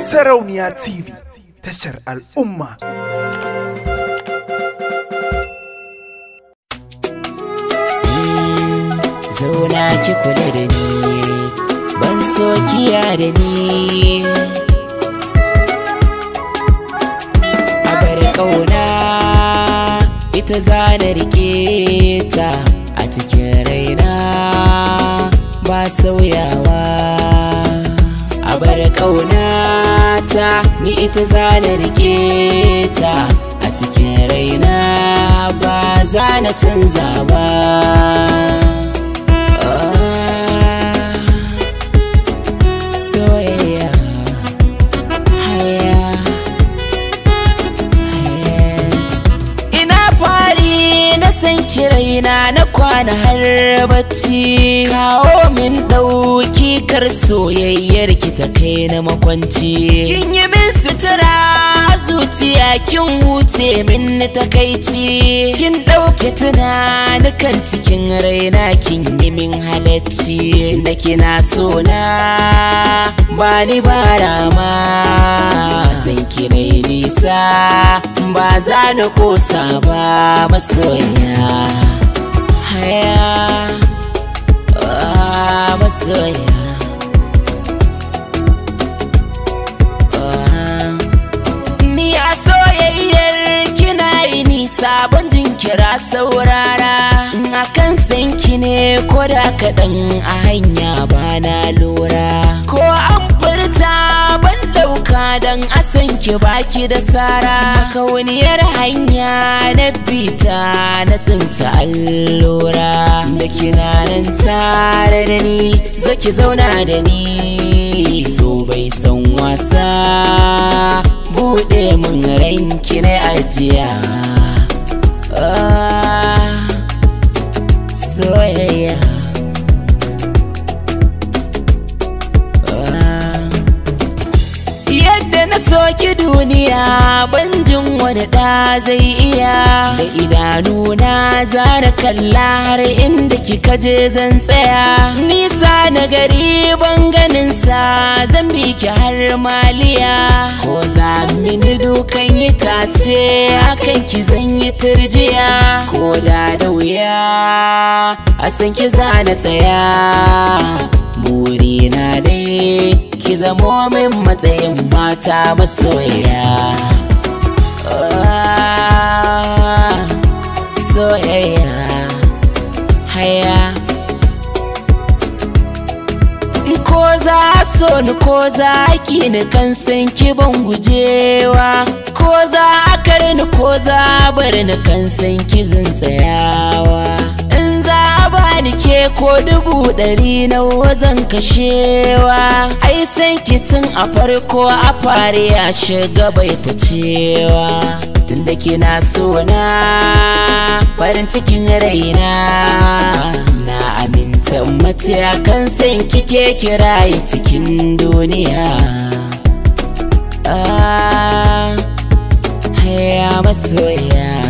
Sarauniya TV tashar al'umma. Zauna ki kula da ni, ban so kiya da ni. A kauna ita zana rike ta a cikin raina ba sauyawa. ta ni ita za na rike ta a cikin raina ba za na canza ba na har bacci kawo min ɗauki kar soyayyar ki ta kai na makwanci kin yi min sutura zuciya kin wuce min ni takaici kin ɗauke kan cikin raina kin yi min halacci da kina so na ba ni ba rama san ki nisa ba za ni kosa ba masoya Ah, masoya ah. ni a soyayyar kina yi jinkira saurara akan sanki ne ko da kaɗan a hanya ba na lura ki baki da sara kauniyar hanya na bita na tsinta allura da kina tare da ni zaki zauna da ni na soki duniya banjin wani da zai iya da idanu idanuna zara kalla har inda kika je zan tsaya nisa na gari ban ganin sa zan bi ki har maliya ko za mini dukan ce, hakan ki zan yi turjiya ko da da wuya a san ki za na tsaya na dai ki zamo min matsayin mata masoya soyayya haya ko za so ni ko za ki ni kan san ki ban gujewa ko za akar ni ko za bar ni kan san ki zan tsayawa bani ke ko dubu ɗari na wazan kashewa ai san kitin a farko a fare a shiga bai ta cewa tun da ke na farin cikin raina na aminta matakan san kike kirayi cikin duniya Ah, haya masoya